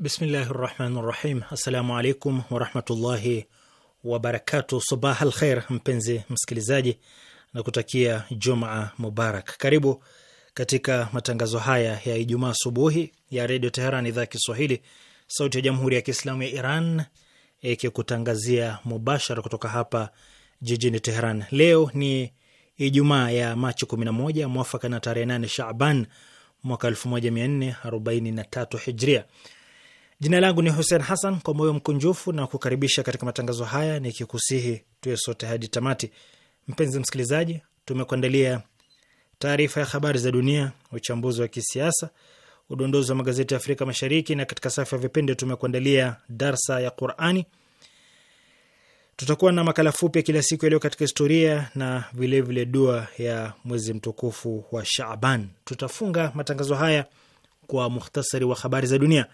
Bismillahi rahmani rahim. Assalamu alaikum warahmatullahi wabarakatu. Sabah al kheir, mpenzi msikilizaji, na kutakia Jumaa Mubarak. Karibu katika matangazo haya ya Ijumaa asubuhi ya Redio Teheran, idhaa ya Kiswahili, sauti ya Jamhuri ya Kiislamu ya Iran, ikikutangazia mubashara kutoka hapa jijini Teheran. Leo ni Ijumaa ya Machi 11 mwafaka na tarehe 8 Shaban mwaka 1443 Hijria. Jina langu ni Hussein Hassan, kwa moyo mkunjufu na kukaribisha katika matangazo haya nikikusihi tuwe sote hadi tamati. Mpenzi msikilizaji, tumekuandalia taarifa ya habari za dunia, uchambuzi wa kisiasa, udondozi wa magazeti ya Afrika Mashariki, na katika safu ya vipindi tumekuandalia darsa ya Qurani. Tutakuwa na makala fupi ya kila siku yaliyo katika historia na vilevile vile dua ya mwezi mtukufu wa Shaaban. Tutafunga matangazo haya kwa muhtasari wa habari za dunia.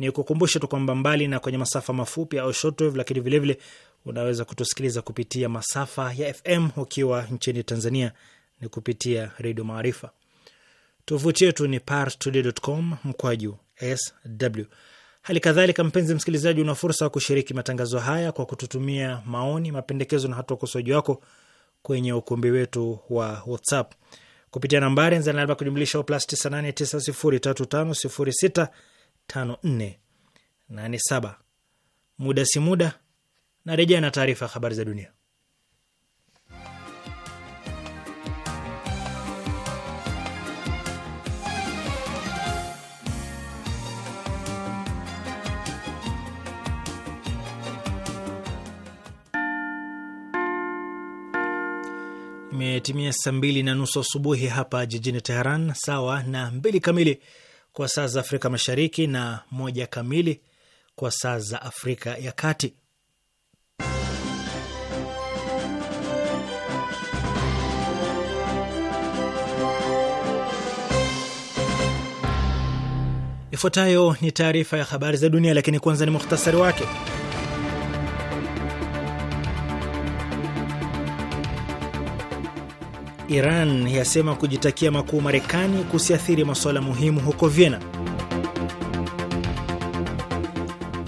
Ni kukumbusha tu kwamba mbali na kwenye masafa mafupi au shortwave, lakini vilevile unaweza kutusikiliza kupitia masafa ya FM ukiwa nchini Tanzania ni kupitia Redio Maarifa. Tovuti yetu ni parstoday.com mkwaju sw. Hali kadhalika, mpenzi msikilizaji, una fursa ya kushiriki matangazo haya kwa kututumia maoni, mapendekezo na hata ukosoaji wako kwenye ukumbi wetu wa WhatsApp kupitia nambari nzanaba kujumlisha plus 98903506 Muda si muda narejea na taarifa ya habari za dunia. Imetimia saa mbili na nusu asubuhi hapa jijini Teheran, sawa na mbili kamili kwa saa za Afrika Mashariki na moja kamili kwa saa za Afrika ya Kati. Ifuatayo ni taarifa ya habari za dunia, lakini kwanza ni muhtasari wake. Iran yasema kujitakia makuu Marekani kusiathiri masuala muhimu huko Vienna.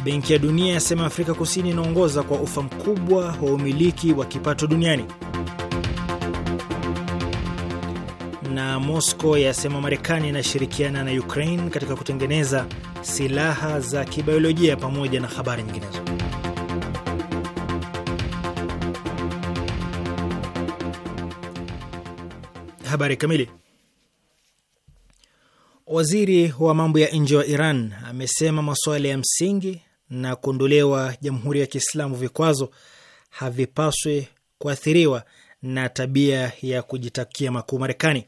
Benki ya Dunia yasema Afrika Kusini inaongoza kwa ufa mkubwa wa umiliki wa kipato duniani. Na Moscow yasema Marekani inashirikiana na Ukraine katika kutengeneza silaha za kibiolojia pamoja na habari nyinginezo. Habari kamili. Waziri wa mambo ya nje wa Iran amesema masuala ya msingi na kuondolewa Jamhuri ya Kiislamu vikwazo havipaswi kuathiriwa na tabia ya kujitakia makuu Marekani.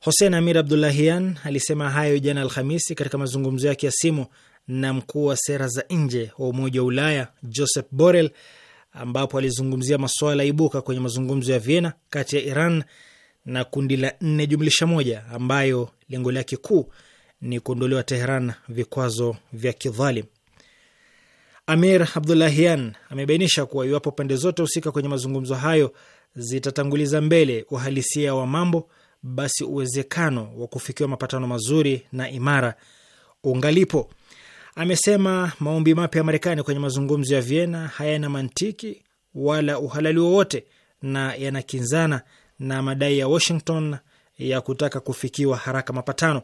Hossein Amir Abdullahian alisema hayo jana Alhamisi katika mazungumzo yake ya simu na mkuu wa sera za nje wa Umoja wa Ulaya Joseph Borrell ambapo alizungumzia masuala ibuka kwenye mazungumzo ya Vienna kati ya Iran na kundi la nne jumlisha moja ambayo lengo lake kuu ni kuondolewa Teheran vikwazo vya kidhalim. Amir Abdullahian amebainisha kuwa iwapo pande zote husika kwenye mazungumzo hayo zitatanguliza mbele uhalisia wa mambo, basi uwezekano wa kufikiwa mapatano mazuri na imara ungalipo amesema maombi mapya ya Marekani kwenye mazungumzo ya Vienna hayana mantiki wala uhalali wowote na yanakinzana na madai ya Washington ya kutaka kufikiwa haraka mapatano.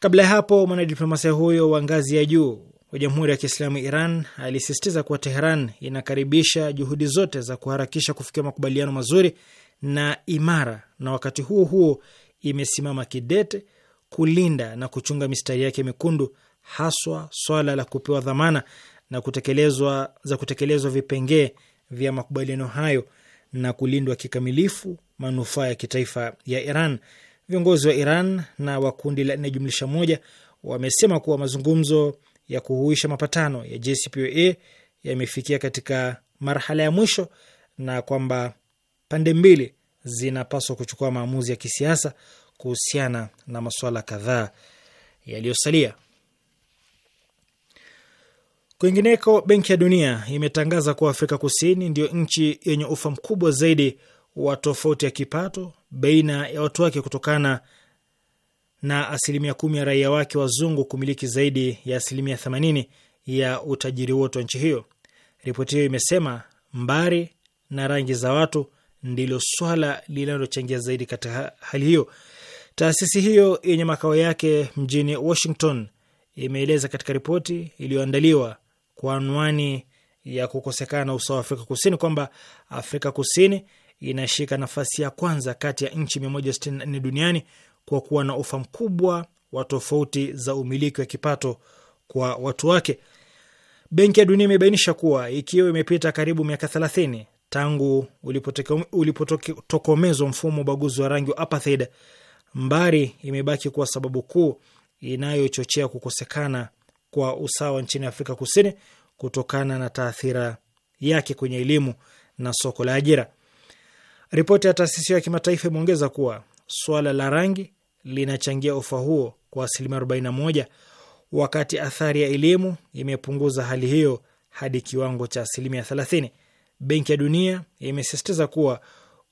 Kabla ya hapo, mwanadiplomasia huyo wa ngazi ya juu wa Jamhuri ya Kiislamu Iran alisisitiza kuwa Teheran inakaribisha juhudi zote za kuharakisha kufikia makubaliano mazuri na imara, na wakati huo huo imesimama kidete kulinda na kuchunga mistari yake mekundu haswa swala la kupewa dhamana na kutekelezwa za kutekelezwa vipengee vya makubaliano hayo na kulindwa kikamilifu manufaa ya kitaifa ya Iran. Viongozi wa Iran na wa kundi la nne jumlisha moja wamesema kuwa mazungumzo ya kuhuisha mapatano ya JCPOA yamefikia katika marhala ya mwisho na kwamba pande mbili zinapaswa kuchukua maamuzi ya kisiasa kuhusiana na masuala kadhaa yaliyosalia. Kwingineko, Benki ya Dunia imetangaza kuwa Afrika Kusini ndiyo nchi yenye ufa mkubwa zaidi wa tofauti ya kipato baina ya watu wake kutokana na asilimia kumi ya raia wake wazungu kumiliki zaidi ya asilimia themanini ya utajiri wote wa nchi hiyo. Ripoti hiyo imesema mbari na rangi za watu ndilo swala linalochangia zaidi katika hali hiyo. Taasisi hiyo yenye makao yake mjini Washington imeeleza katika ripoti iliyoandaliwa kwa anwani ya kukosekana na usawa Afrika Kusini kwamba Afrika Kusini inashika nafasi ya kwanza kati ya nchi 164 duniani kwa kuwa na ufa mkubwa wa tofauti za umiliki wa kipato kwa watu wake. Benki ya Dunia imebainisha kuwa ikiwa imepita karibu miaka 30 tangu ulipotokomezwa mfumo wa ubaguzi wa rangi wa apartheid, mbari imebaki kuwa sababu kuu inayochochea kukosekana kwa usawa nchini Afrika Kusini kutokana na taathira yake kwenye elimu na soko la ajira. Ripoti ya taasisi ya kimataifa imeongeza kuwa swala la rangi linachangia ufa huo kwa asilimia 41, wakati athari ya elimu imepunguza hali hiyo hadi kiwango cha asilimia 30. Benki ya Dunia imesisitiza kuwa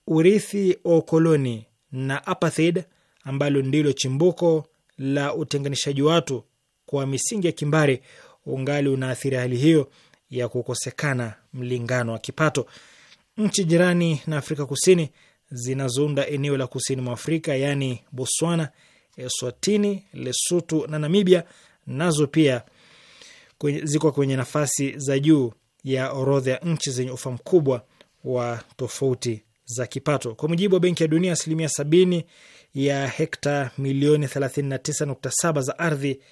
urithi wa ukoloni na apartheid ambalo ndilo chimbuko la utenganishaji watu kwa misingi ya kimbari ungali unaathiri hali hiyo ya kukosekana mlingano wa kipato. Nchi jirani na Afrika Kusini zinazounda eneo la kusini mwa Afrika, yaani Botswana, Eswatini, Lesotho na Namibia, nazo pia ziko kwenye nafasi za juu ya orodha ya nchi zenye ufa mkubwa wa tofauti za kipato. Kwa mujibu wa Benki ya Dunia, asilimia sabini ya hekta milioni 39.7 za ardhi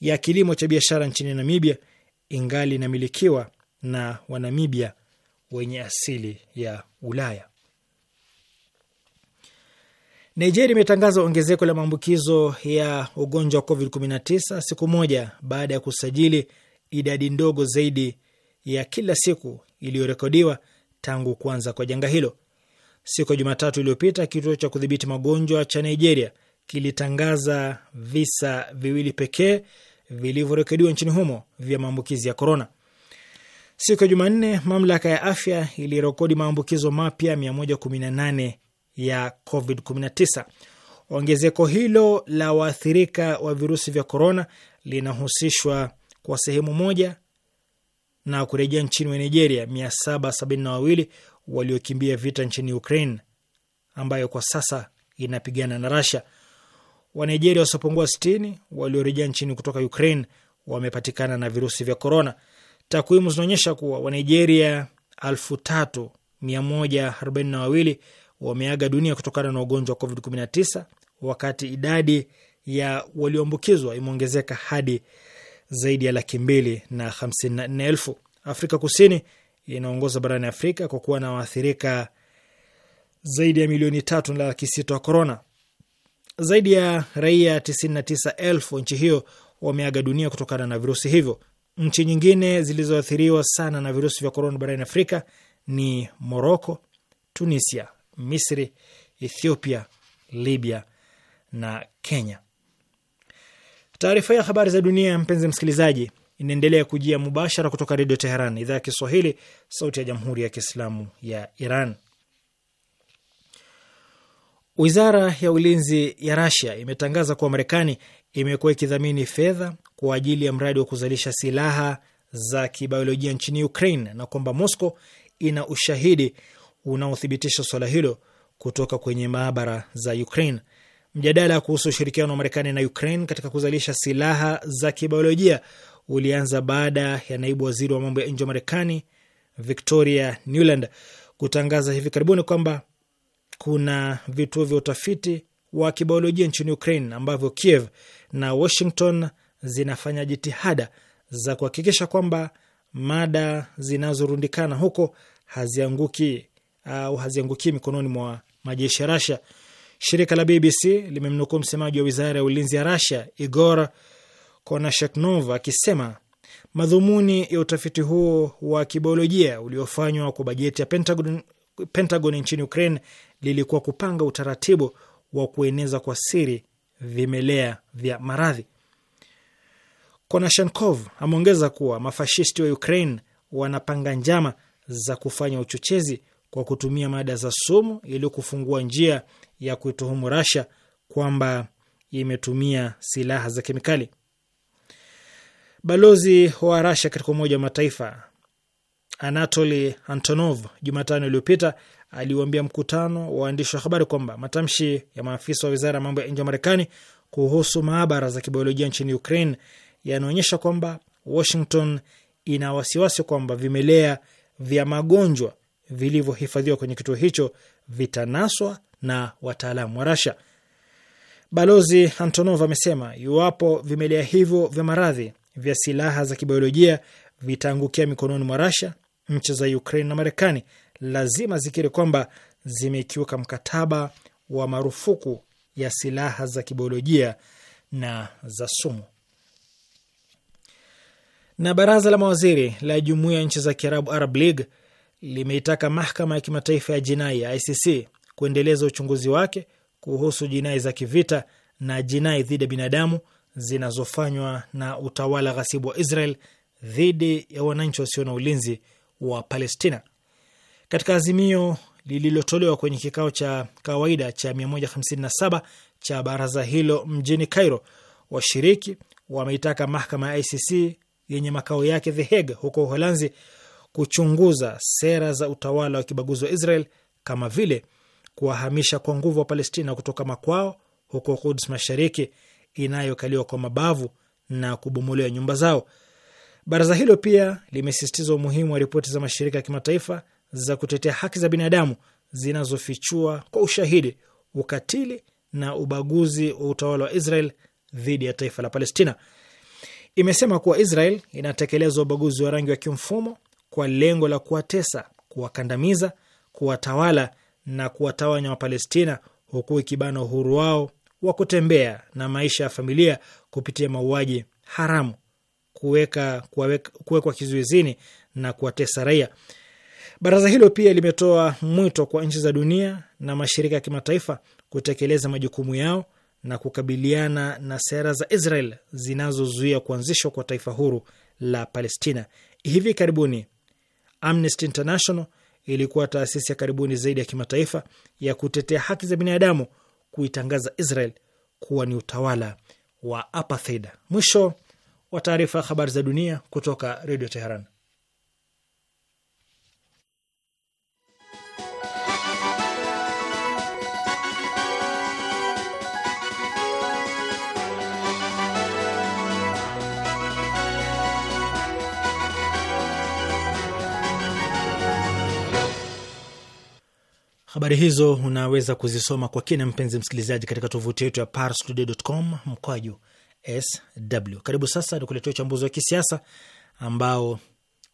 ya kilimo cha biashara nchini Namibia ingali inamilikiwa na Wanamibia wenye asili ya Ulaya. Nigeria imetangaza ongezeko la maambukizo ya ugonjwa wa COVID-19 siku moja baada ya kusajili idadi ndogo zaidi ya kila siku iliyorekodiwa tangu kuanza kwa janga hilo. Siku ya Jumatatu iliyopita, kituo cha kudhibiti magonjwa cha Nigeria kilitangaza visa viwili pekee vilivyorekodiwa nchini humo vya maambukizi ya korona. Siku ya Jumanne, mamlaka ya afya ilirekodi maambukizo mapya 118 ya COVID-19. Ongezeko hilo la waathirika wa virusi vya korona linahusishwa kwa sehemu moja na kurejea nchini wa Nigeria 772 waliokimbia vita nchini Ukraine ambayo kwa sasa inapigana na Russia. Wanigeria wasiopungua sitini waliorejea nchini kutoka Ukraine wamepatikana na virusi vya korona. Takwimu zinaonyesha kuwa Wanigeria elfu tatu mia moja arobaini na wawili wameaga dunia kutokana na ugonjwa wa Covid 19 wakati idadi ya walioambukizwa imeongezeka hadi zaidi ya laki mbili na hamsini na nne elfu. Afrika Kusini inaongoza barani Afrika kwa kuwa na waathirika zaidi ya milioni tatu na laki sita wa korona. Zaidi ya raia 99,000 nchi hiyo wameaga dunia kutokana na virusi hivyo. Nchi nyingine zilizoathiriwa sana na virusi vya korona barani Afrika ni Moroko, Tunisia, Misri, Ethiopia, Libya na Kenya. Taarifa ya habari za dunia, mpenzi msikilizaji, inaendelea kujia mubashara kutoka Redio Teheran, idhaa ya Kiswahili, sauti ya jamhuri ya kiislamu ya Iran. Wizara ya ulinzi ya Rasia imetangaza kuwa Marekani imekuwa ikidhamini fedha kwa ajili ya mradi wa kuzalisha silaha za kibiolojia nchini Ukraine na kwamba mosco ina ushahidi unaothibitisha swala hilo kutoka kwenye maabara za Ukraine. Mjadala kuhusu ushirikiano wa Marekani na Ukraine katika kuzalisha silaha za kibiolojia ulianza baada ya naibu waziri wa mambo ya nje wa Marekani Victoria Nuland kutangaza hivi karibuni kwamba kuna vituo vya utafiti wa kibiolojia nchini Ukraine ambavyo Kiev na Washington zinafanya jitihada za kuhakikisha kwamba mada zinazorundikana huko hazianguki au hazianguki mikononi mwa majeshi ya Russia. Shirika la BBC limemnukuu msemaji wa wizara ya ulinzi ya Russia Igor Konasheknov akisema madhumuni ya utafiti huo wa kibiolojia uliofanywa kwa bajeti ya Pentagon, Pentagon nchini Ukraine lilikuwa kupanga utaratibu wa kueneza kwa siri vimelea vya maradhi. Konashenkov ameongeza kuwa mafashisti wa Ukraine wanapanga njama za kufanya uchochezi kwa kutumia mada za sumu ili kufungua njia ya kuituhumu Rasha kwamba imetumia silaha za kemikali. Balozi wa Rasha katika Umoja wa Mataifa Anatoli Antonov Jumatano iliyopita aliwambia mkutano wa waandishi wa habari kwamba matamshi ya maafisa wa wizara ya mambo ya nje ya Marekani kuhusu maabara za kibiolojia nchini Ukraine yanaonyesha kwamba Washington ina wasiwasi kwamba vimelea vya magonjwa vilivyohifadhiwa kwenye kituo hicho vitanaswa na wataalamu wa Rasha. Balozi Antonov amesema iwapo vimelea hivyo vya maradhi vya silaha za kibiolojia vitaangukia mikononi mwa Rasha, nchi za Ukraine na Marekani lazima zikiri kwamba zimekiuka mkataba wa marufuku ya silaha za kibiolojia na za sumu. Na baraza la mawaziri la jumuiya ya nchi za Kiarabu, Arab League, limeitaka mahakama ya kimataifa ya jinai ya ICC kuendeleza uchunguzi wake kuhusu jinai za kivita na jinai dhidi ya binadamu zinazofanywa na utawala ghasibu wa Israel dhidi ya wananchi wasio na ulinzi wa Palestina. Katika azimio lililotolewa kwenye kikao cha kawaida cha 157 cha baraza hilo mjini Cairo, washiriki wameitaka mahakama ya ICC yenye makao yake The Hague huko Uholanzi kuchunguza sera za utawala wa kibaguzi wa Israel kama vile kuwahamisha kwa nguvu wa Palestina kutoka makwao huko Kuds Mashariki inayokaliwa kwa mabavu na kubomolewa nyumba zao. Baraza hilo pia limesisitiza umuhimu wa ripoti za mashirika ya kimataifa za kutetea haki za binadamu zinazofichua kwa ushahidi ukatili na ubaguzi wa utawala wa Israel dhidi ya taifa la Palestina. Imesema kuwa Israel inatekeleza ubaguzi wa rangi wa kimfumo kwa lengo la kuwatesa, kuwakandamiza, kuwatawala na kuwatawanya Wapalestina, huku ikibana uhuru wao wa kutembea na maisha ya familia kupitia mauaji haramu, kuwekwa kizuizini na kuwatesa raia. Baraza hilo pia limetoa mwito kwa nchi za dunia na mashirika ya kimataifa kutekeleza majukumu yao na kukabiliana na sera za Israel zinazozuia kuanzishwa kwa taifa huru la Palestina. Hivi karibuni Amnesty International ilikuwa taasisi ya karibuni zaidi ya kimataifa ya kutetea haki za binadamu kuitangaza Israel kuwa ni utawala wa apartheid. Mwisho wa taarifa ya habari za dunia kutoka Redio Teheran. Habari hizo unaweza kuzisoma kwa kina, mpenzi msikilizaji, katika tovuti yetu ya parstoday.com mkwaju sw. Karibu sasa nikuletea uchambuzi wa kisiasa ambao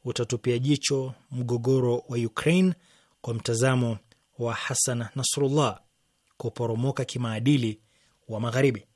utatupia jicho mgogoro wa Ukraine kwa mtazamo wa Hasan Nasrullah, kuporomoka kimaadili wa Magharibi.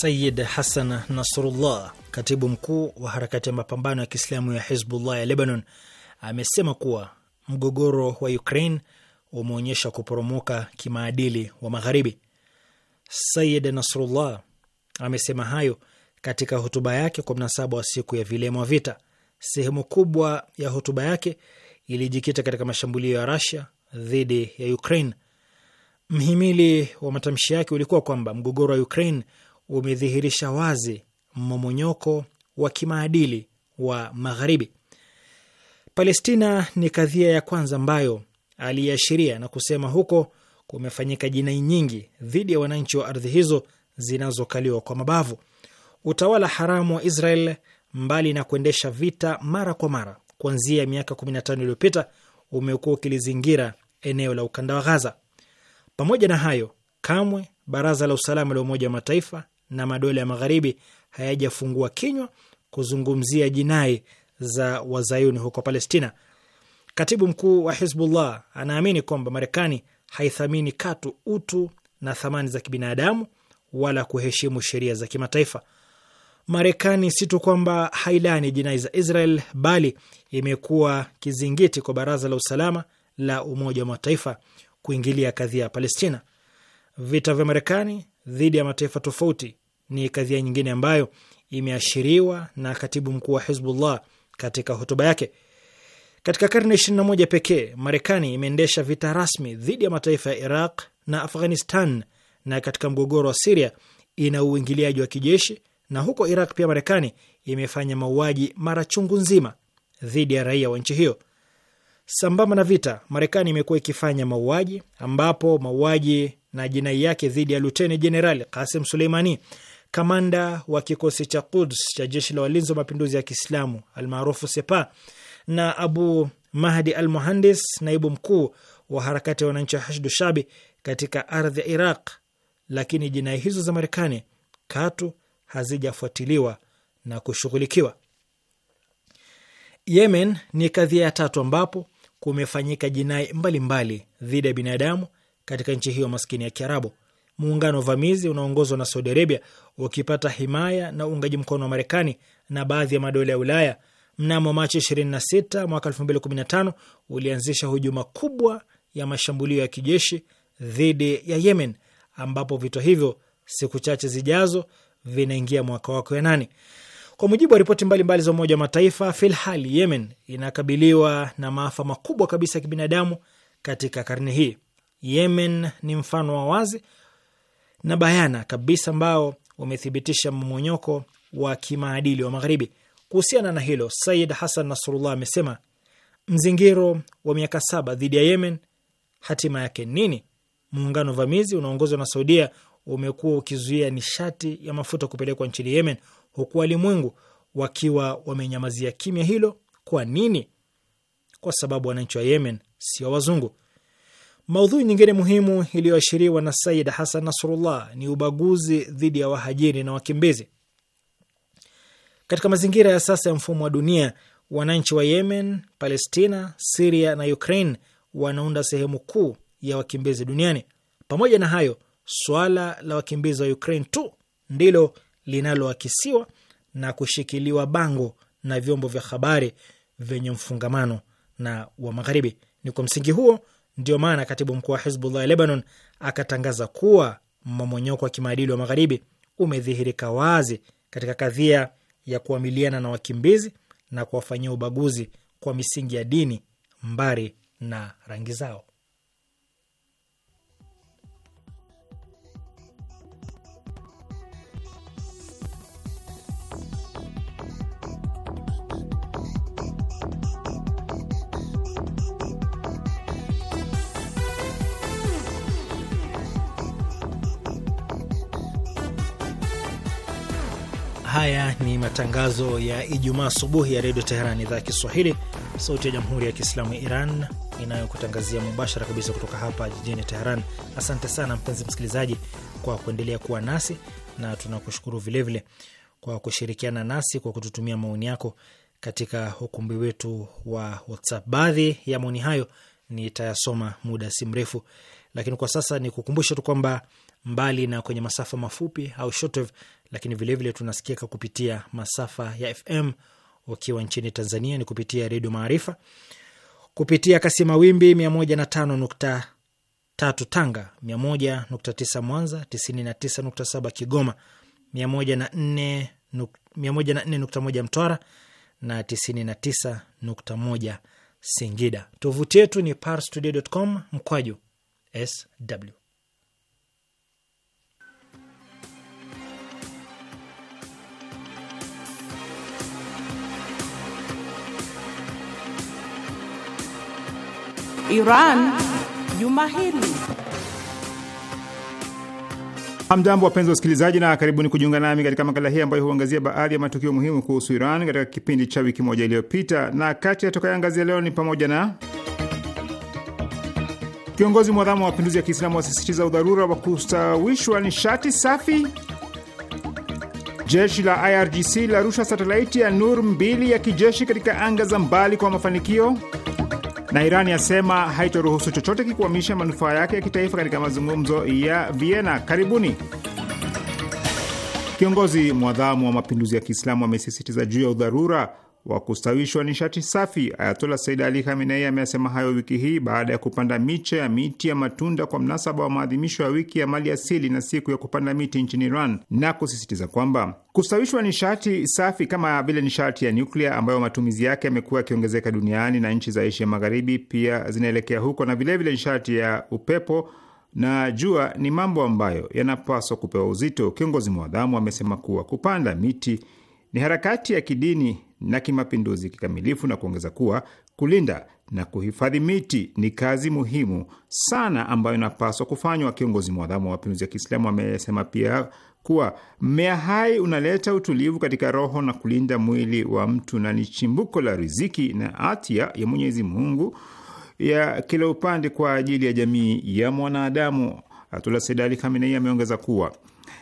Sayid Hassan Nasrullah, katibu mkuu wa harakati ya mapambano ya Kiislamu ya Hizbullah ya Lebanon, amesema kuwa mgogoro wa Ukraine umeonyesha kuporomoka kimaadili wa Magharibi. Sayid Nasrullah amesema hayo katika hotuba yake kwa mnasaba wa siku ya vilema wa vita. Sehemu kubwa ya hotuba yake ilijikita katika mashambulio ya rasia dhidi ya Ukraine. Mhimili wa matamshi yake ulikuwa kwamba mgogoro wa Ukraine umedhihirisha wazi mmomonyoko wa kimaadili wa Magharibi. Palestina ni kadhia ya kwanza ambayo aliashiria na kusema huko kumefanyika jinai nyingi dhidi ya wananchi wa ardhi hizo zinazokaliwa kwa mabavu. Utawala haramu wa Israel, mbali na kuendesha vita mara kwa mara, kuanzia miaka 15 iliyopita, umekuwa ukilizingira eneo la ukanda wa Ghaza. Pamoja na hayo, kamwe Baraza la Usalama la Umoja wa Mataifa na madola ya magharibi hayajafungua kinywa kuzungumzia jinai za wazayuni huko Palestina. Katibu mkuu wa Hizbullah anaamini kwamba Marekani haithamini katu utu na thamani za kibinadamu wala kuheshimu sheria za kimataifa. Marekani si tu kwamba hailani jinai za Israel bali imekuwa kizingiti kwa Baraza la Usalama la Umoja wa Mataifa kuingilia kadhia ya Palestina. Vita vya Marekani dhidi ya mataifa tofauti ni kadhia nyingine ambayo imeashiriwa na katibu mkuu wa Hizbullah katika hotuba yake. Katika karne 21 pekee, Marekani imeendesha vita rasmi dhidi ya mataifa ya Iraq na Afghanistan, na katika mgogoro wa Siria ina uingiliaji wa kijeshi, na huko Iraq pia Marekani imefanya mauaji mara chungu nzima dhidi ya raia wa nchi hiyo. Sambamba na vita, Marekani imekuwa ikifanya mauaji, ambapo mauaji na jinai yake dhidi ya luteni jenerali Kasim Suleimani, kamanda wa kikosi cha Quds cha jeshi la walinzi wa mapinduzi ya Kiislamu almaarufu Sepa, na Abu Mahdi al Muhandis, naibu mkuu wa harakati ya wananchi wa Hashdu Shabi katika ardhi ya Iraq. Lakini jinai hizo za Marekani katu hazijafuatiliwa na kushughulikiwa. Yemen ni kadhia ya tatu ambapo kumefanyika jinai mbalimbali dhidi ya binadamu katika nchi hiyo maskini ya Kiarabu. Muungano wa uvamizi unaoongozwa na Saudi Arabia ukipata himaya na uungaji mkono wa Marekani na baadhi ya madola ya Ulaya mnamo Machi 26 mwaka 2015 ulianzisha hujuma kubwa ya mashambulio ya kijeshi dhidi ya Yemen, ambapo vita hivyo siku chache zijazo vinaingia mwaka wake wa nane. Kwa mujibu wa ripoti mbalimbali za Umoja wa Mataifa, filhali Yemen inakabiliwa na maafa makubwa kabisa ya kibinadamu katika karne hii. Yemen ni mfano wa wazi na bayana kabisa ambao umethibitisha mmonyoko wa kimaadili wa Magharibi. Kuhusiana na hilo, Said hasan Nasrullah amesema mzingiro wa miaka saba dhidi ya Yemen hatima yake nini? Muungano vamizi unaongozwa na Saudia umekuwa ukizuia nishati ya mafuta kupelekwa nchini Yemen, huku walimwengu wakiwa wamenyamazia kimya hilo. Kwa nini? Kwa sababu wananchi wa Yemen sio wazungu. Maudhui nyingine muhimu iliyoashiriwa na Said Hasan Nasrullah ni ubaguzi dhidi ya wahajiri na wakimbizi. Katika mazingira ya sasa ya mfumo wa dunia, wananchi wa Yemen, Palestina, Siria na Ukraine wanaunda sehemu kuu ya wakimbizi duniani. Pamoja na hayo, swala la wakimbizi wa Ukraine tu ndilo linaloakisiwa na kushikiliwa bango na vyombo vya habari vyenye mfungamano na wa Magharibi. Ni kwa msingi huo ndio maana katibu mkuu wa Hizbullah Lebanon akatangaza kuwa mmomonyoko wa kimaadili wa magharibi umedhihirika wazi katika kadhia ya kuamiliana na wakimbizi na kuwafanyia ubaguzi kwa misingi ya dini, mbari na rangi zao. Haya ni matangazo ya Ijumaa asubuhi ya redio Teheran, idhaa ya Kiswahili, sauti ya jamhuri ya kiislamu ya Iran inayokutangazia mubashara kabisa kutoka hapa jijini Teheran. Asante sana mpenzi msikilizaji kwa kuendelea kuwa nasi na tunakushukuru vilevile kwa kushirikiana nasi kwa kututumia maoni yako katika ukumbi wetu wa WhatsApp. Baadhi ya maoni hayo nitayasoma muda si mrefu, lakini kwa sasa ni kukumbusha tu kwamba mbali na kwenye masafa mafupi au shortwave lakini vilevile tunasikika kupitia masafa ya FM. Ukiwa nchini Tanzania ni kupitia Redio Maarifa kupitia kasi mawimbi 105.3 Tanga, 101.9 Mwanza, 99.7 Kigoma, 104.1 Mtwara na 99.1 Singida. Tovuti yetu ni parstoday.com mkwaju sw Iran juma hili. Hamjambo, wapenzi wa usikilizaji, na karibuni kujiunga nami katika makala hii ambayo huangazia baadhi ya matukio muhimu kuhusu Iran katika kipindi cha wiki moja iliyopita, na kati ya tutakayoangazia leo ni pamoja na kiongozi mwadhamu wa mapinduzi ya Kiislamu wasisitiza udharura wa kustawishwa nishati safi. Jeshi la IRGC la rusha satelaiti ya Nur mbili ya kijeshi katika anga za mbali kwa mafanikio na Iran yasema haitoruhusu chochote kikwamisha manufaa yake ya kitaifa katika mazungumzo ya Vienna. Karibuni. Kiongozi mwadhamu wa mapinduzi ya Kiislamu amesisitiza juu ya udharura wa kustawishwa nishati safi. Ayatola Said Ali Khamenei amesema hayo wiki hii baada ya kupanda miche ya miti ya matunda kwa mnasaba wa maadhimisho ya wiki ya mali asili na siku ya kupanda miti nchini Iran, na kusisitiza kwamba kustawishwa nishati safi kama vile nishati ya nyuklia ambayo matumizi yake yamekuwa yakiongezeka duniani na nchi za Asia Magharibi pia zinaelekea huko, na vilevile nishati ya upepo na jua ni mambo ambayo yanapaswa kupewa uzito. Kiongozi mwadhamu amesema kuwa kupanda miti ni harakati ya kidini na kimapinduzi kikamilifu na kuongeza kuwa kulinda na kuhifadhi miti ni kazi muhimu sana ambayo inapaswa kufanywa. Kiongozi mwadhamu wa mapinduzi ya Kiislamu amesema pia kuwa mmea hai unaleta utulivu katika roho na kulinda mwili wa mtu na ni chimbuko la riziki na atia ya Mwenyezi Mungu ya kila upande kwa ajili ya jamii ya mwanadamu. Ayatullah Sayyid Ali Khamenei ameongeza kuwa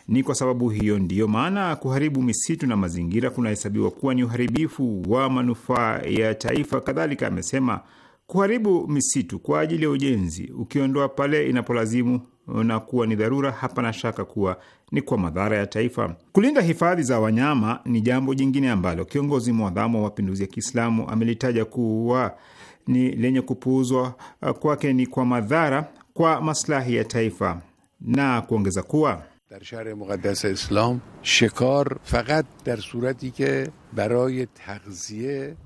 ni kwa sababu hiyo ndiyo maana kuharibu misitu na mazingira kunahesabiwa kuwa ni uharibifu wa manufaa ya taifa. Kadhalika amesema kuharibu misitu kwa ajili ya ujenzi, ukiondoa pale inapolazimu na kuwa ni dharura, hapana shaka kuwa ni kwa madhara ya taifa. Kulinda hifadhi za wanyama ni jambo jingine ambalo kiongozi mwadhamu wa mapinduzi ya Kiislamu amelitaja kuwa ni lenye kupuuzwa kwake, ni kwa madhara kwa maslahi ya taifa na kuongeza kuwa در شهر مقدس اسلام شکار فقط در صورتی که برای تغذیه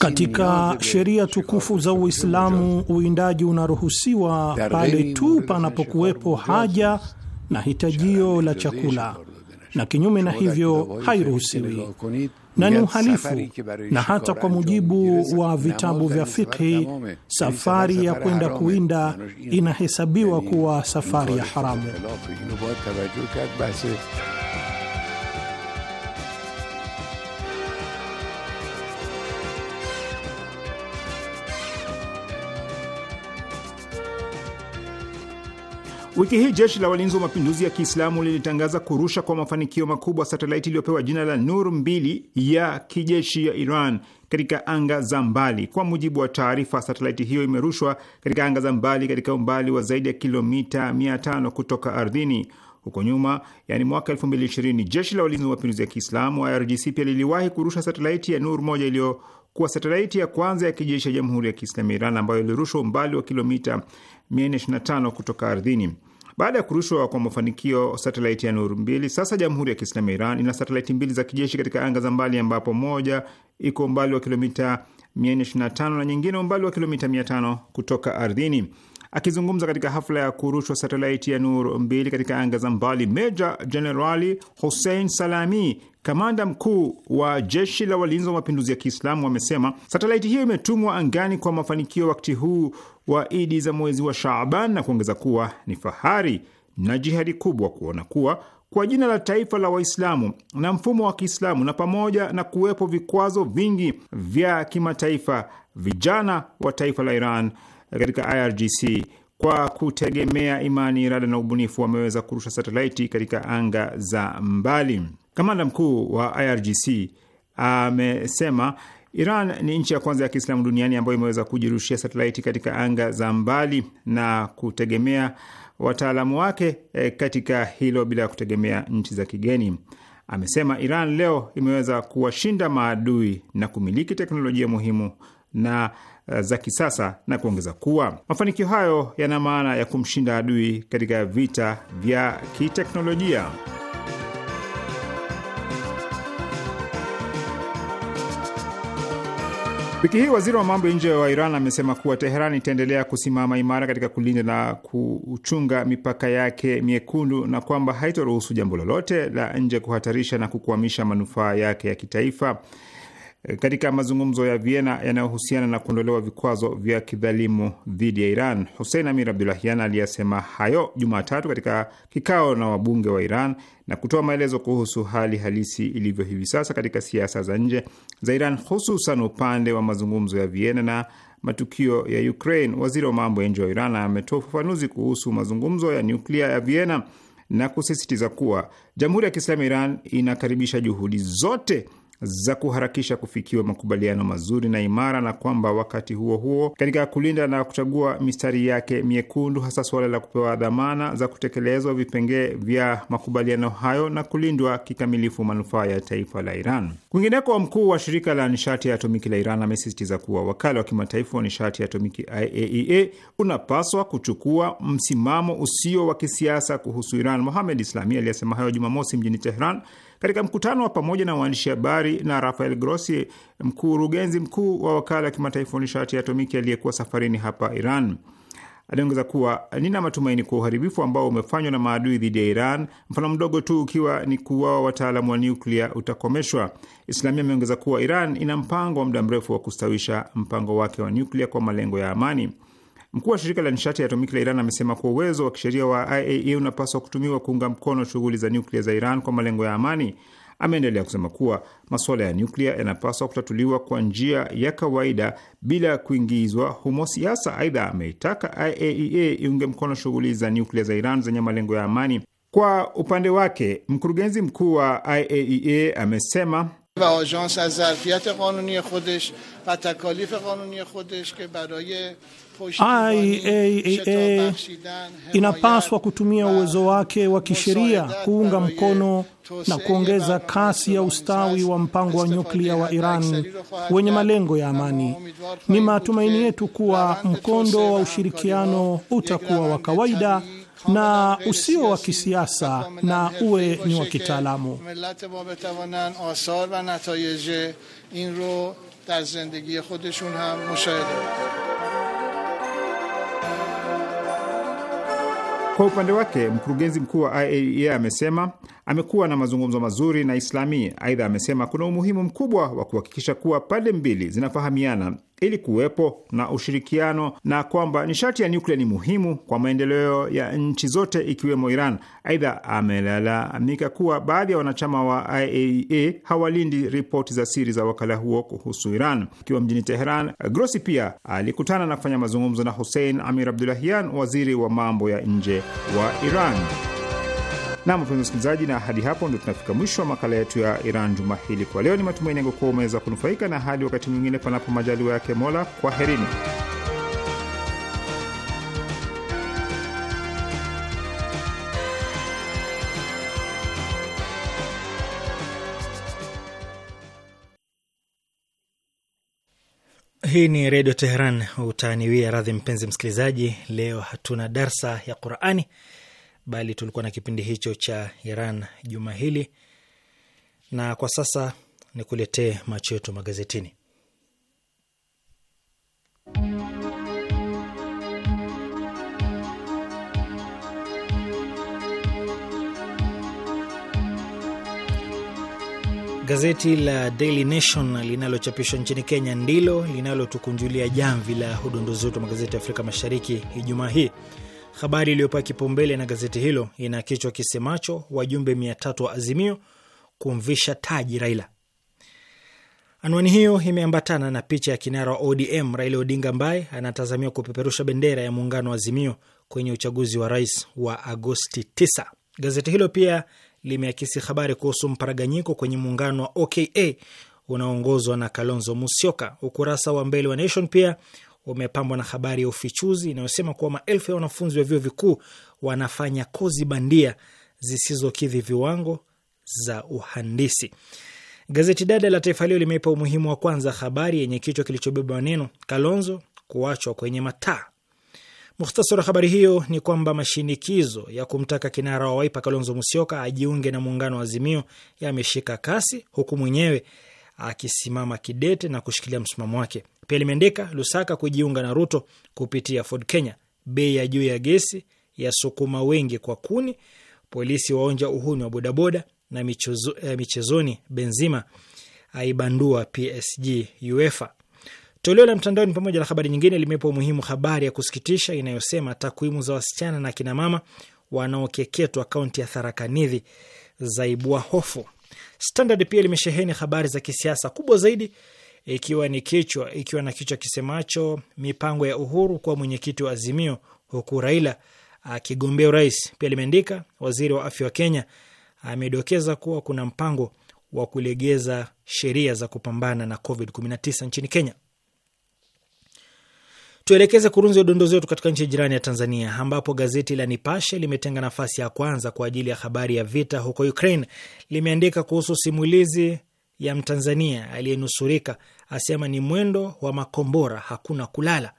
Katika sheria tukufu za Uislamu uwindaji unaruhusiwa pale tu panapokuwepo haja na hitajio la chakula, na kinyume na hivyo hairuhusiwi na ni uhalifu, na hata kwa mujibu wa vitabu vya fikhi, safari ya kwenda kuwinda inahesabiwa kuwa safari ya haramu. Wiki hii jeshi la walinzi wa mapinduzi ya Kiislamu lilitangaza kurusha kwa mafanikio makubwa satelaiti iliyopewa jina la Nur mbili ya kijeshi ya Iran katika anga za mbali. Kwa mujibu wa taarifa, satelaiti hiyo imerushwa katika anga za mbali katika umbali wa zaidi ya kilomita 500 kutoka ardhini. Huko nyuma, yani mwaka 2020, jeshi la walinzi wa mapinduzi ya Kiislamu IRGC pia liliwahi kurusha satelaiti ya Nur moja iliyo kuwa satelaiti ya kwanza ya kijeshi ya Jamhuri ya Kiislamu ya Iran ambayo ilirushwa umbali wa kilomita 425 kutoka ardhini. Baada ya kurushwa kwa mafanikio satelaiti ya Nuru mbili, sasa Jamhuri ya Kiislamu ya Iran ina satelaiti mbili za kijeshi katika anga za mbali, ambapo moja iko umbali wa kilomita 425 na nyingine umbali wa kilomita 500 kutoka ardhini. Akizungumza katika hafla ya kurushwa satelaiti ya Nur mbili katika anga za mbali, Meja Jenerali Hussein Salami, Kamanda mkuu wa jeshi la walinzi wa mapinduzi ya Kiislamu wamesema satelaiti hiyo imetumwa angani kwa mafanikio wakati huu wa Idi za mwezi wa Shaaban na kuongeza kuwa ni fahari na jihadi kubwa kuona kuwa kwa jina la taifa la Waislamu na mfumo wa Kiislamu na pamoja na kuwepo vikwazo vingi vya kimataifa, vijana wa taifa la Iran katika IRGC kwa kutegemea imani, irada na ubunifu wameweza kurusha satelaiti katika anga za mbali. Kamanda mkuu wa IRGC amesema Iran ni nchi ya kwanza ya Kiislamu duniani ambayo imeweza kujirushia satelaiti katika anga za mbali na kutegemea wataalamu wake eh, katika hilo bila ya kutegemea nchi za kigeni. Amesema Iran leo imeweza kuwashinda maadui na kumiliki teknolojia muhimu na eh, za kisasa na kuongeza kuwa mafanikio hayo yana maana ya kumshinda adui katika vita vya kiteknolojia. Wiki hii waziri wa mambo ya nje wa Iran amesema kuwa Teheran itaendelea kusimama imara katika kulinda na kuchunga mipaka yake miekundu na kwamba haitoruhusu jambo lolote la nje kuhatarisha na kukwamisha manufaa yake ya kitaifa Eh, katika mazungumzo ya Vienna yanayohusiana na kuondolewa vikwazo vya kidhalimu dhidi ya Iran. Hussein Amir Abdulahian aliyesema hayo Jumatatu katika kikao na wabunge wa Iran na kutoa maelezo kuhusu hali halisi ilivyo hivi sasa katika siasa za nje za Iran, hususan upande wa mazungumzo ya Vienna na matukio ya Ukraine. Waziri wa mambo ya nje wa Iran ametoa ufafanuzi kuhusu mazungumzo ya nyuklia ya Vienna na kusisitiza kuwa Jamhuri ya Kiislamu Iran inakaribisha juhudi zote za kuharakisha kufikiwa makubaliano mazuri na imara, na kwamba wakati huo huo, katika kulinda na kuchagua mistari yake miekundu, hasa suala la kupewa dhamana za kutekelezwa vipengee vya makubaliano hayo na kulindwa kikamilifu manufaa ya taifa la Iran. Kwingineko, mkuu wa shirika la nishati ya atomiki la Iran amesisitiza kuwa wakala wa kimataifa wa nishati ya atomiki IAEA e unapaswa kuchukua msimamo usio wa kisiasa kuhusu Iran. Mohamed Islami aliyesema hayo Jumamosi mjini Tehran katika mkutano wa pamoja na waandishi habari na Rafael Grossi, mkurugenzi mkuu wa wakala wa kimataifa wa nishati ya atomiki aliyekuwa safarini hapa Iran, aliongeza kuwa nina matumaini kwa uharibifu ambao umefanywa na maadui dhidi ya Iran, mfano mdogo tu ukiwa ni kuuawa wataalamu wa nyuklia, utakomeshwa. Islamia ameongeza kuwa Iran ina mpango wa muda mrefu wa kustawisha mpango wake wa nyuklia kwa malengo ya amani. Mkuu wa shirika la nishati ya atomiki la Iran amesema kuwa uwezo wa kisheria wa IAEA e unapaswa kutumiwa kuunga mkono shughuli za nyuklia za Iran kwa malengo ya amani. Ameendelea kusema kuwa masuala ya nyuklia yanapaswa kutatuliwa kwa njia ya kawaida bila kuingizwa humo siasa. Aidha, ameitaka IAEA e iunge mkono shughuli za nyuklia za Iran zenye malengo ya amani. Kwa upande wake, mkurugenzi mkuu wa IAEA e amesema IAEA inapaswa kutumia uwezo wake wa kisheria kuunga mkono na kuongeza kasi ya ustawi wa mpango wa nyuklia wa Iran wenye malengo ya amani. Ni matumaini yetu kuwa mkondo wa ushirikiano utakuwa wa kawaida na usio wa kisiasa na uwe ni wa kitaalamu. Kwa upande wake mkurugenzi mkuu wa IAEA e amesema amekuwa na mazungumzo mazuri na Islamii. Aidha, amesema kuna umuhimu mkubwa wa kuhakikisha kuwa pande mbili zinafahamiana ili kuwepo na ushirikiano na kwamba nishati ya nyuklia ni muhimu kwa maendeleo ya nchi zote ikiwemo Iran. Aidha, amelalamika kuwa baadhi ya wanachama wa IAEA e hawalindi ripoti za siri za wakala huo kuhusu Iran. Akiwa mjini Teheran, Grossi pia alikutana na kufanya mazungumzo na Hussein Amir Abdulahian, waziri wa mambo ya nje wa Iran. Nam mpenzi msikilizaji, na hadi hapo ndio tunafika mwisho wa makala yetu ya Iran juma hili kwa leo. Ni matumaini yangu kuwa umeweza kunufaika, na hadi wakati mwingine, panapo majaliwa yake Mola, kwaherini. Hii ni Redio Teheran. Utaniwia radhi mpenzi msikilizaji, leo hatuna darsa ya Qurani bali tulikuwa na kipindi hicho cha Iran juma hili, na kwa sasa nikuletee macho yetu magazetini. Gazeti la Daily Nation linalochapishwa nchini Kenya ndilo linalotukunjulia jamvi la udondozi wetu wa magazeti ya Afrika Mashariki Ijumaa hii. Habari iliyopewa kipaumbele na gazeti hilo ina kichwa kisemacho wajumbe mia tatu wa Azimio kumvisha taji Raila. Anwani hiyo imeambatana na picha ya kinara wa ODM Raila Odinga ambaye anatazamiwa kupeperusha bendera ya muungano wa Azimio kwenye uchaguzi wa rais wa Agosti 9. Gazeti hilo pia limeakisi habari kuhusu mparaganyiko kwenye muungano wa OKA unaoongozwa na Kalonzo Musyoka. Ukurasa wa mbele wa Nation pia umepambwa na habari ya ufichuzi inayosema kuwa maelfu ya wanafunzi wa vyuo vikuu wanafanya kozi bandia zisizokidhi viwango za uhandisi. Gazeti dada la Taifa Leo limeipa umuhimu wa kwanza habari yenye kichwa kilichobeba maneno Kalonzo kuachwa kwenye mataa. Mukhtasari wa habari hiyo ni kwamba mashinikizo ya kumtaka kinara wa Waipa Kalonzo Musyoka ajiunge na muungano wa Azimio yameshika kasi, huku mwenyewe akisimama kidete na kushikilia msimamo wake. Pia limeandika Lusaka kujiunga na Ruto kupitia Ford Kenya, bei ya juu ya gesi yasukuma wengi kwa kuni, polisi waonja uhuni wa bodaboda, na michezo, eh, michezoni Benzima aibandua PSG UEFA. Toleo la mtandaoni pamoja na habari nyingine limepa umuhimu habari ya kusikitisha inayosema takwimu za wasichana na kinamama wanaokeketwa kaunti ya Tharaka Nithi zaibua hofu. Standard pia limesheheni habari za kisiasa kubwa zaidi ikiwa ni kichwa ikiwa na kichwa kisemacho mipango ya Uhuru kwa mwenyekiti wa Azimio huku Raila akigombea urais. Pia limeandika waziri wa afya wa Kenya amedokeza kuwa kuna mpango wa kulegeza sheria za kupambana na COVID-19 nchini Kenya. Tuelekeze kurunzi ya udondozi wetu katika nchi jirani ya Tanzania, ambapo gazeti la Nipashe limetenga nafasi ya kwanza kwa ajili ya habari ya vita huko Ukraine. Limeandika kuhusu simulizi ya Mtanzania aliyenusurika asema ni mwendo wa makombora, hakuna kulala.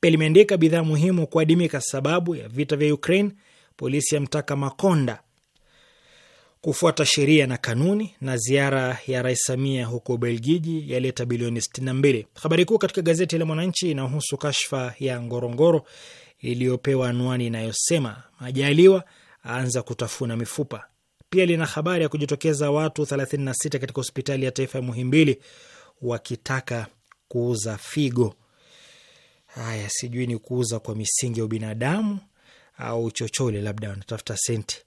Pia limeandika bidhaa muhimu kuadimika sababu ya vita vya Ukraine, polisi yamtaka Makonda kufuata sheria na kanuni, na ziara ya Rais Samia huko Ubelgiji yaleta bilioni 62. Habari kuu katika gazeti la Mwananchi inahusu kashfa ya Ngorongoro iliyopewa anwani inayosema Majaliwa aanza kutafuna mifupa. Pia lina habari ya kujitokeza watu 36 katika hospitali ya taifa ya Muhimbili wakitaka kuuza figo. Haya, sijui ni kuuza kwa misingi ya ubinadamu au chochole, labda wanatafuta senti.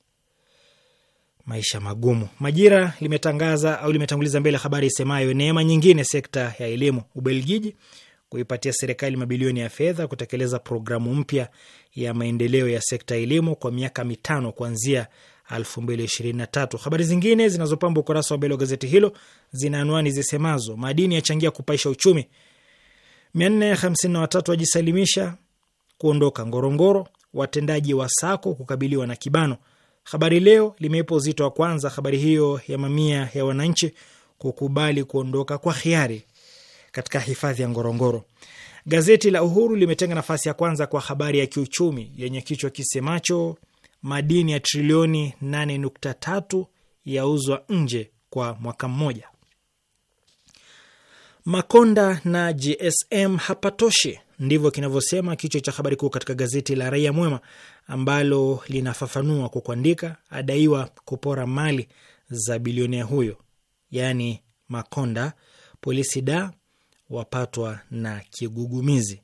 Maisha magumu. Majira limetangaza au limetanguliza mbele habari isemayo neema nyingine sekta ya elimu, Ubelgiji kuipatia serikali mabilioni ya fedha kutekeleza programu mpya ya maendeleo ya sekta ya elimu kwa miaka mitano kuanzia 2023. Habari zingine zinazopamba ukurasa wa mbele wa gazeti hilo zina anwani zisemazo madini yachangia kupaisha uchumi, 453 wajisalimisha kuondoka Ngorongoro, watendaji wa sako kukabiliwa na kibano. Habari Leo limeipa uzito wa kwanza habari hiyo ya mamia ya wananchi kukubali kuondoka kwa hiari katika hifadhi ya Ngorongoro. Gazeti la Uhuru limetenga nafasi ya kwanza kwa habari ya kiuchumi yenye kichwa kisemacho madini ya trilioni 8.3 yauzwa nje kwa mwaka mmoja. Makonda na GSM hapatoshi, ndivyo kinavyosema kichwa cha habari kuu katika gazeti la Raia Mwema ambalo linafafanua kwa kuandika, adaiwa kupora mali za bilionea huyo, yaani Makonda. Polisi da wapatwa na kigugumizi.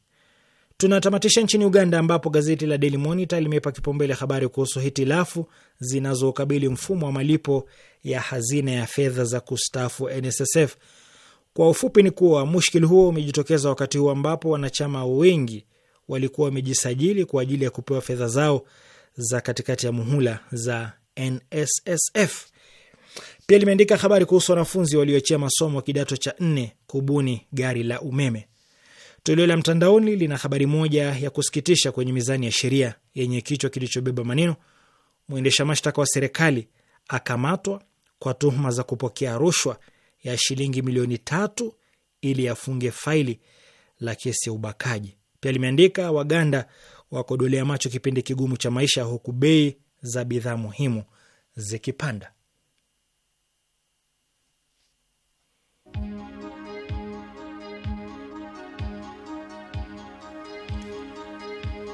Tunatamatisha nchini Uganda, ambapo gazeti la Daily Monitor limepa kipaumbele habari kuhusu hitilafu zinazokabili mfumo wa malipo ya hazina ya fedha za kustaafu NSSF. Kwa ufupi ni kuwa mushkili huo umejitokeza wakati huu ambapo wanachama wengi walikuwa wamejisajili kwa ajili ya kupewa fedha zao za katikati ya muhula za NSSF. Pia limeandika habari kuhusu wanafunzi walioachia masomo kidato cha nne kubuni gari la umeme. Toleo la mtandaoni lina habari moja ya kusikitisha kwenye mizani ya sheria yenye kichwa kilichobeba maneno mwendesha mashtaka wa serikali akamatwa kwa tuhuma za kupokea rushwa ya shilingi milioni tatu ili afunge faili la kesi ya ubakaji. Pia limeandika Waganda wakodolea macho kipindi kigumu cha maisha, huku bei za bidhaa muhimu zikipanda.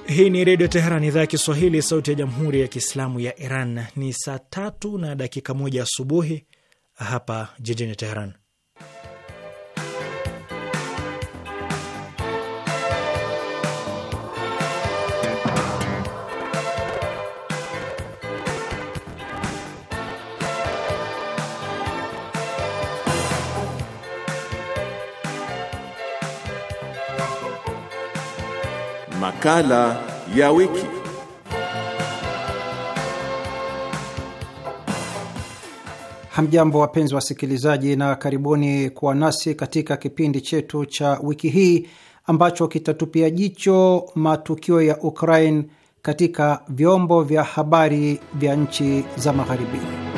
Hii ni Redio Teheran, idhaa ya Kiswahili, sauti ya Jamhuri ya Kiislamu ya Iran. Ni saa tatu na dakika moja asubuhi hapa jijini Teheran. Makala ya wiki. Hamjambo wapenzi wasikilizaji, na karibuni kuwa nasi katika kipindi chetu cha wiki hii ambacho kitatupia jicho matukio ya Ukraine katika vyombo vya habari vya nchi za Magharibi.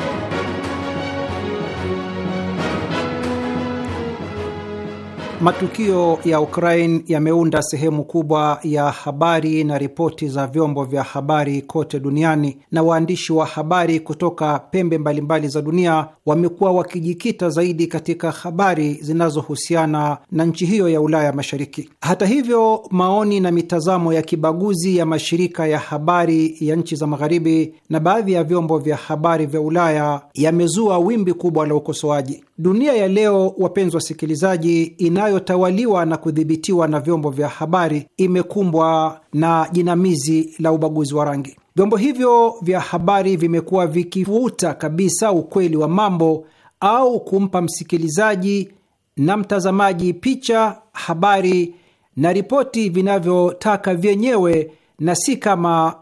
Matukio ya Ukraine yameunda sehemu kubwa ya habari na ripoti za vyombo vya habari kote duniani, na waandishi wa habari kutoka pembe mbalimbali za dunia wamekuwa wakijikita zaidi katika habari zinazohusiana na nchi hiyo ya Ulaya Mashariki. Hata hivyo, maoni na mitazamo ya kibaguzi ya mashirika ya habari ya nchi za Magharibi na baadhi ya vyombo vya habari vya Ulaya yamezua wimbi kubwa la ukosoaji. Dunia ya leo, wapenzi wasikilizaji, inayotawaliwa na kudhibitiwa na vyombo vya habari imekumbwa na jinamizi la ubaguzi wa rangi. Vyombo hivyo vya habari vimekuwa vikifuta kabisa ukweli wa mambo au kumpa msikilizaji na mtazamaji picha, habari na ripoti vinavyotaka vyenyewe na si kama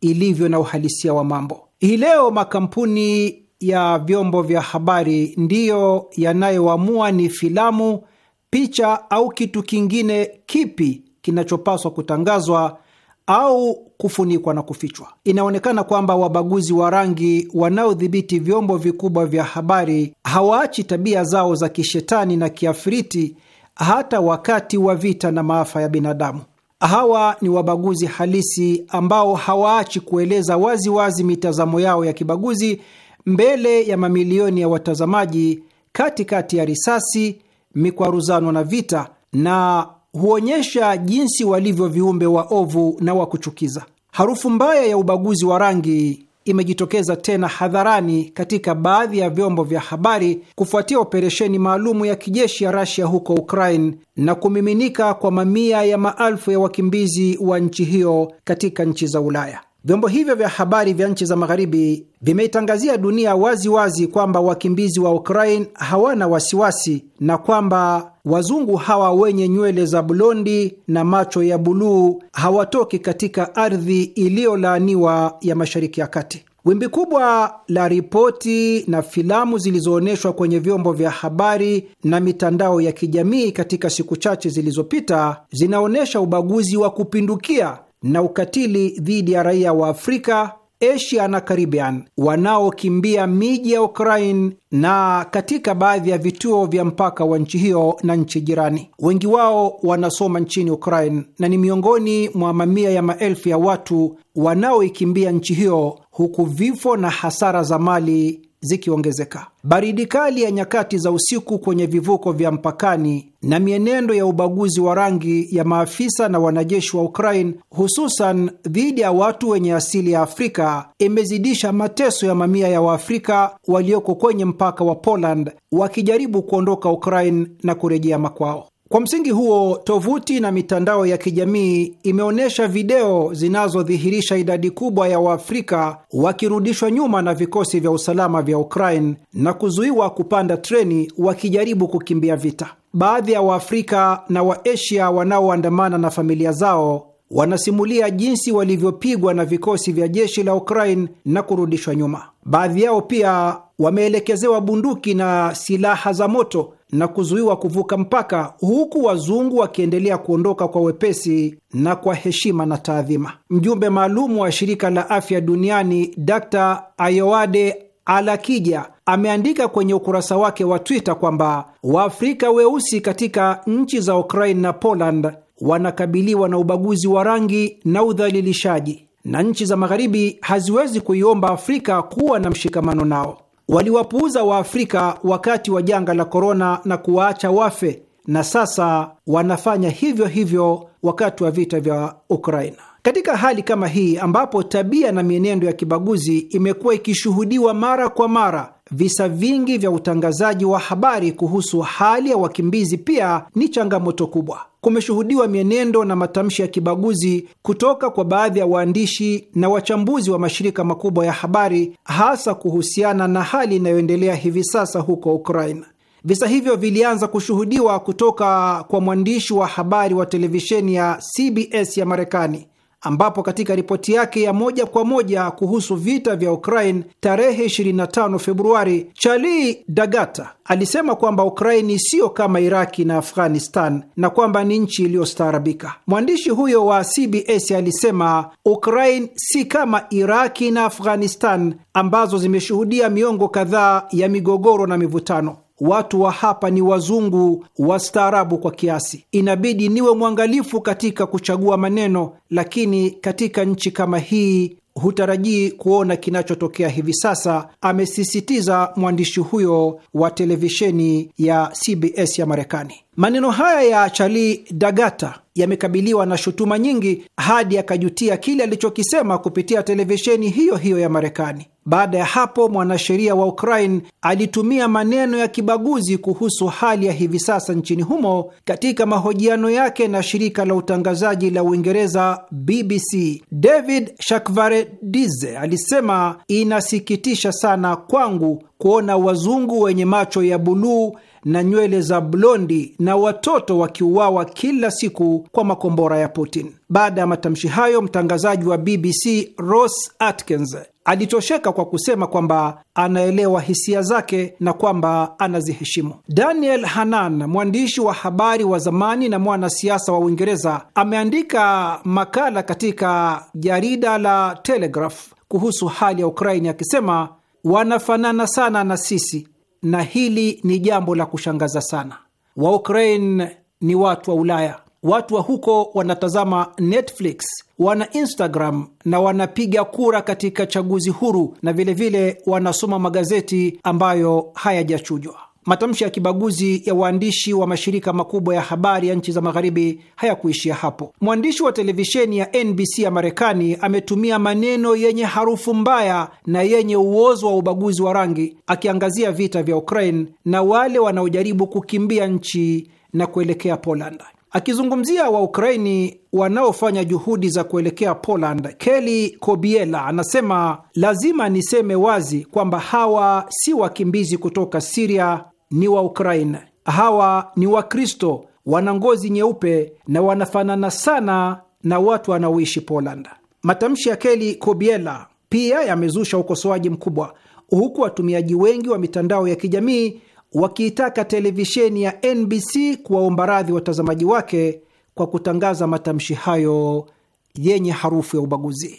ilivyo na uhalisia wa mambo. Hii leo makampuni ya vyombo vya habari ndiyo yanayoamua ni filamu, picha au kitu kingine kipi kinachopaswa kutangazwa au kufunikwa na kufichwa. Inaonekana kwamba wabaguzi wa rangi wanaodhibiti vyombo vikubwa vya habari hawaachi tabia zao za kishetani na kiafriti hata wakati wa vita na maafa ya binadamu. Hawa ni wabaguzi halisi ambao hawaachi kueleza waziwazi mitazamo yao ya kibaguzi mbele ya mamilioni ya watazamaji katikati kati ya risasi, mikwaruzano na vita, na huonyesha jinsi walivyo viumbe wa ovu na wa kuchukiza. Harufu mbaya ya ubaguzi wa rangi imejitokeza tena hadharani katika baadhi ya vyombo vya habari kufuatia operesheni maalumu ya kijeshi ya Rasia huko Ukraine na kumiminika kwa mamia ya maelfu ya wakimbizi wa nchi hiyo katika nchi za Ulaya. Vyombo hivyo vya habari vya nchi za magharibi vimeitangazia dunia waziwazi wazi kwamba wakimbizi wa Ukraine hawana wasiwasi na kwamba wazungu hawa wenye nywele za blondi na macho ya buluu hawatoki katika ardhi iliyolaaniwa ya Mashariki ya Kati. Wimbi kubwa la ripoti na filamu zilizoonyeshwa kwenye vyombo vya habari na mitandao ya kijamii katika siku chache zilizopita zinaonyesha ubaguzi wa kupindukia na ukatili dhidi ya raia wa Afrika, Asia na Caribbean wanaokimbia miji ya Ukraine na katika baadhi ya vituo vya mpaka wa nchi hiyo na nchi jirani. Wengi wao wanasoma nchini Ukraine na ni miongoni mwa mamia ya maelfu ya watu wanaoikimbia nchi hiyo, huku vifo na hasara za mali zikiongezeka. Baridi kali ya nyakati za usiku kwenye vivuko vya mpakani na mienendo ya ubaguzi wa rangi ya maafisa na wanajeshi wa Ukraine, hususan dhidi ya watu wenye asili ya Afrika, imezidisha mateso ya mamia ya Waafrika walioko kwenye mpaka wa Poland wakijaribu kuondoka Ukraine na kurejea makwao. Kwa msingi huo, tovuti na mitandao ya kijamii imeonyesha video zinazodhihirisha idadi kubwa ya Waafrika wakirudishwa nyuma na vikosi vya usalama vya Ukraine na kuzuiwa kupanda treni wakijaribu kukimbia vita. Baadhi ya Waafrika na Waasia wanaoandamana na familia zao wanasimulia jinsi walivyopigwa na vikosi vya jeshi la Ukraine na kurudishwa nyuma. Baadhi yao pia wameelekezewa bunduki na silaha za moto na kuzuiwa kuvuka mpaka, huku wazungu wakiendelea kuondoka kwa wepesi na kwa heshima na taadhima. Mjumbe maalumu wa shirika la afya duniani Dr. Ayowade Alakija ameandika kwenye ukurasa wake wa Twitter kwamba Waafrika weusi katika nchi za Ukraine na Poland wanakabiliwa na ubaguzi wa rangi na udhalilishaji, na nchi za Magharibi haziwezi kuiomba Afrika kuwa na mshikamano nao. Waliwapuuza Waafrika wakati wa janga la korona na kuwaacha wafe, na sasa wanafanya hivyo hivyo wakati wa vita vya Ukraina. Katika hali kama hii ambapo tabia na mienendo ya kibaguzi imekuwa ikishuhudiwa mara kwa mara, visa vingi vya utangazaji wa habari kuhusu hali ya wakimbizi pia ni changamoto kubwa kumeshuhudiwa mienendo na matamshi ya kibaguzi kutoka kwa baadhi ya waandishi na wachambuzi wa mashirika makubwa ya habari, hasa kuhusiana na hali inayoendelea hivi sasa huko Ukraina. Visa hivyo vilianza kushuhudiwa kutoka kwa mwandishi wa habari wa televisheni ya CBS ya Marekani ambapo katika ripoti yake ya moja kwa moja kuhusu vita vya Ukraine tarehe 25 Februari, Charli Dagata alisema kwamba Ukraini siyo kama Iraki na Afghanistan na kwamba ni nchi iliyostaarabika. Mwandishi huyo wa CBS alisema Ukraine si kama Iraki na Afghanistan ambazo zimeshuhudia miongo kadhaa ya migogoro na mivutano watu wa hapa ni wazungu wastaarabu kwa kiasi. Inabidi niwe mwangalifu katika kuchagua maneno, lakini katika nchi kama hii hutarajii kuona kinachotokea hivi sasa, amesisitiza mwandishi huyo wa televisheni ya CBS ya Marekani. Maneno haya ya chali Dagata yamekabiliwa na shutuma nyingi hadi akajutia kile alichokisema kupitia televisheni hiyo hiyo ya Marekani. Baada ya hapo, mwanasheria wa Ukraine alitumia maneno ya kibaguzi kuhusu hali ya hivi sasa nchini humo katika mahojiano yake na shirika la utangazaji la Uingereza BBC. David Shakvaredize alisema, inasikitisha sana kwangu kuona wazungu wenye macho ya buluu na nywele za blondi na watoto wakiuawa kila siku kwa makombora ya Putin. Baada ya matamshi hayo, mtangazaji wa BBC Ross Atkins alitosheka kwa kusema kwamba anaelewa hisia zake na kwamba anaziheshimu. Daniel Hanan, mwandishi wa habari wa zamani na mwanasiasa wa Uingereza, ameandika makala katika jarida la Telegraph kuhusu hali ya Ukraini akisema, wanafanana sana na sisi na hili ni jambo la kushangaza sana. waukrain ni watu wa Ulaya. Watu wa huko wanatazama Netflix, wana Instagram na wanapiga kura katika chaguzi huru, na vilevile vile wanasoma magazeti ambayo hayajachujwa. Matamshi ya kibaguzi ya waandishi wa mashirika makubwa ya habari ya nchi za magharibi hayakuishia hapo. Mwandishi wa televisheni ya NBC ya Marekani ametumia maneno yenye harufu mbaya na yenye uozo wa ubaguzi wa rangi akiangazia vita vya Ukraine na wale wanaojaribu kukimbia nchi na kuelekea Poland. Akizungumzia Waukraini wanaofanya juhudi za kuelekea Poland, Kelly Kobiela anasema lazima niseme wazi kwamba hawa si wakimbizi kutoka Siria ni wa Ukraine. Hawa ni Wakristo, wana ngozi nyeupe na wanafanana sana na watu wanaoishi Poland. Matamshi ya Keli Kobiela pia yamezusha ukosoaji mkubwa, huku watumiaji wengi wa mitandao ya kijamii wakiitaka televisheni ya NBC kuwaomba radhi watazamaji wake kwa kutangaza matamshi hayo yenye harufu ya ubaguzi.